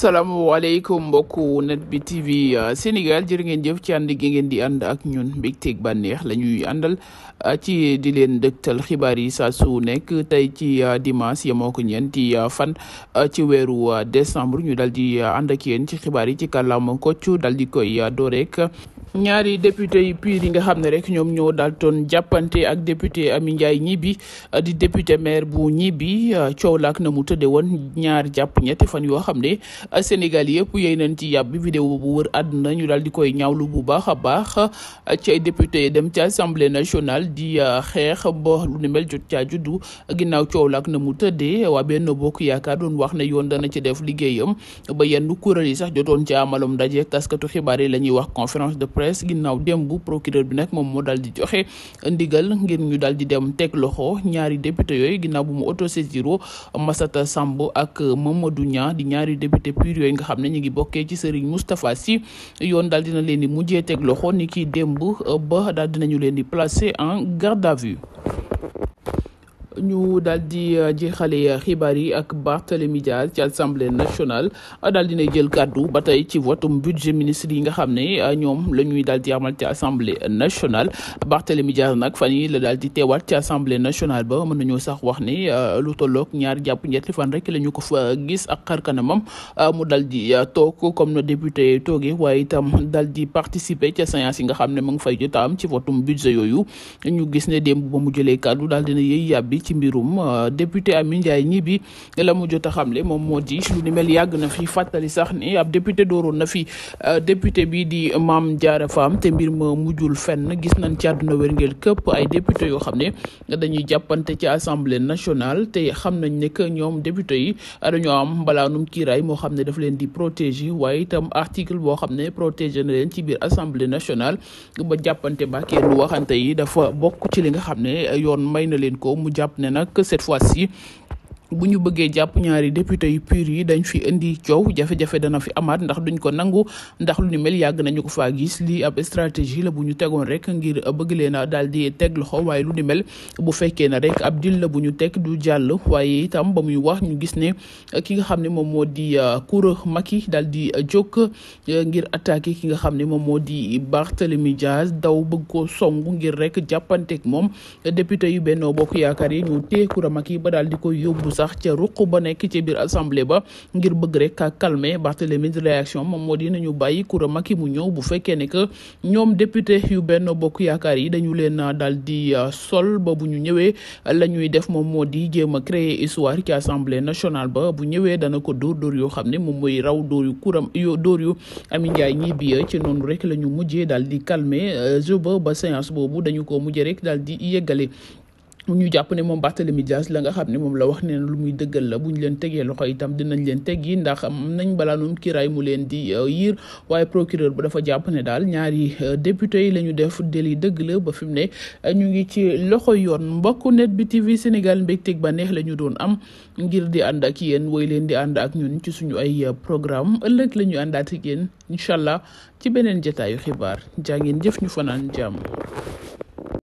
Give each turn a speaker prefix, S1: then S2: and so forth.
S1: salaamaaleykum mbokku net bi TV euh, Sénégal jërë ngeen jëf ci ànd gi ngeen di ànd ak ñun mbégteeg banneex la ñuy àndal euh, ci di leen dëgtal xibaar yi saa su nekk tey ci euh, dimanche yemoo ko ñeenti fan ci weeru décembre ñu dal di ànd ak yéen ci xibaar yi ci kàllaama kocc dal di koy dooreek ñaari député yi PUR yi nga xam ne rek ñoom ñoo daal doon jàppante ak député Amy Ndiaye Gniby di député maire bu Gniby coow laak na mu tëdde woon ñaar jàpp ñetti fan yoo xam ne Sénégal yëpp yéy nañ ci yàbbi vidéo bu wër àdduna ñu daal di koy ñaaw lu bu baax a baax ci ay député yi dem ci assemblée national di euh, xeex ba lu ni mel jot caa juddu ginnaaw coow laak na mu tëddee waa benn bokk yaakaar doon wax ne yoon dana ci def liggéeyam ba yenn kuréel yi sax jotoon ci amalum ndaje taskatu xibaar yi la ñuy wax conférence de presse ginnaaw démb procureur bi nag moom moo daal di joxe ndigal ngir ñu daal di dem teg loxo ñaari député yooyu ginnaaw bu mu autosaisiro Massata Samb ak Mamadou Niang di ñaari député pur yooyu nga xam ne ñu ngi bokkee ci Serigne Moustapha Sy yoon daal dina leen di mujjee teg loxo ni ki démb ba dal dina ñu leen di placer en garde à vue ñu daal di euh, jeexale euh, xibaar yi ak Barthélémy Dias ci assemblée nationale euh, daal dinay jël kàddu ba tey ci votum budget ministre yi nga xam ne ñoom la ñuy daal di amal ci assemblée nationale Barthélémy Dias nag fan yi la daal di teewaat ci assemblée nationale ba mën nañoo sax wax ni lu tolloog ñaar jàpp ñetti fan rek la ñu ko fa gis ak xarkanamam mu daal di toog comme no député toogee waaye itam daal di participer ca séance yi nga xam ne mu ngi fay jotaam ci votum budget yooyu ñu gis ne démb ba mu jëlee kàddu daal na yëy yàbbi ci mbirum euh, député Amy Ndiaye Gniby la mu jot a xamle moom moo di lu ni mel yàgg na fi fàttali sax ni ab député dooroon na fi euh, député bi di maam Diarra Fam te mbir ma mujjul fenn gis nañ ci àdduna wérngeel këpp ay député yoo xam ne dañuy jàppante ci assemblée nationale te xam nañ ne que ñoom député yi dañoo am mbalaanum kiiraay moo xam ne daf leen di protéger waaye itam article boo xam ne protéger na leen ci biir assemblée nationale ba nga xam jàpp ne nag cette fois-ci bu ñu bëggee jàpp ñaari député yu pur yi dañ fi indi coow jafe-jafe dana fi amaat ndax duñ ko nangu ndax lu ni mel yàgg nañu ko faa gis lii ab stratégie la bu ñu tegoon rek ngir bëgg leen a daal di teg loxo waaye lu ni mel bu fekkee ne rek ab dil bu ñu teg du jàll waaye itam ba muy wax ñu gis ne ki nga xam ne moom moo di euh, Coura Macky daal di jóg euh, ngir attaqué ki nga xam ne moom moo di Barthélemy Diaz daw bëgg ko song ngir rek jàppanteeg moom député yu benn Bokk Yaakaar yi ñu téye Coura ba daal di ko yóbbu sax ca ruq ba nekk ci biir assemblée ba ngir bëgg rek a calmer Barthélemy réaction moom moo di nañu bàyyi Coura Macky mu ñëw bu fekkee ne que ñoom député yu benn bokk yaakaar yi dañu leen daal di euh, sol ba ñu ñëwee la ñuy def moom moo di jéem a créer histoire ci assemblée nationale ba bu ñëwee dana ko dóor dóor yoo xam ne moom mooy raw door yu kuram yo dóor yu Ami Ndiaye ñibbi biya euh, ci noonu rek la ñu mujjee daal di calmer euh, jeu ba ba séance boobu dañu ko mujjee rek daal di yeggale ñu jàpp ne moom Barthélemy Dias la nga xam ne moom la wax ne lu muy dëggal la bu ñu leen tegee loxo itam dinañ leen teggi ndax am nañ balaanum kiiraay mu leen di euh, yiir waaye procureur bu dafa jàpp ne daal ñaari euh, député yi la ñu def délit dëgg la ba fi mu ne euh, ñu ngi ci loxo yoon mbokku net bi TV Sénégal mbégteeg ba neex la ñu doon am ngir di ànd ak yéen woy leen di ànd ak ñun ci suñu ay programme ëllëg la ñu àndaat ak yéen incha allah ci beneen jataayu xibaar jaa ngeen jëf ñu fanaan jàmm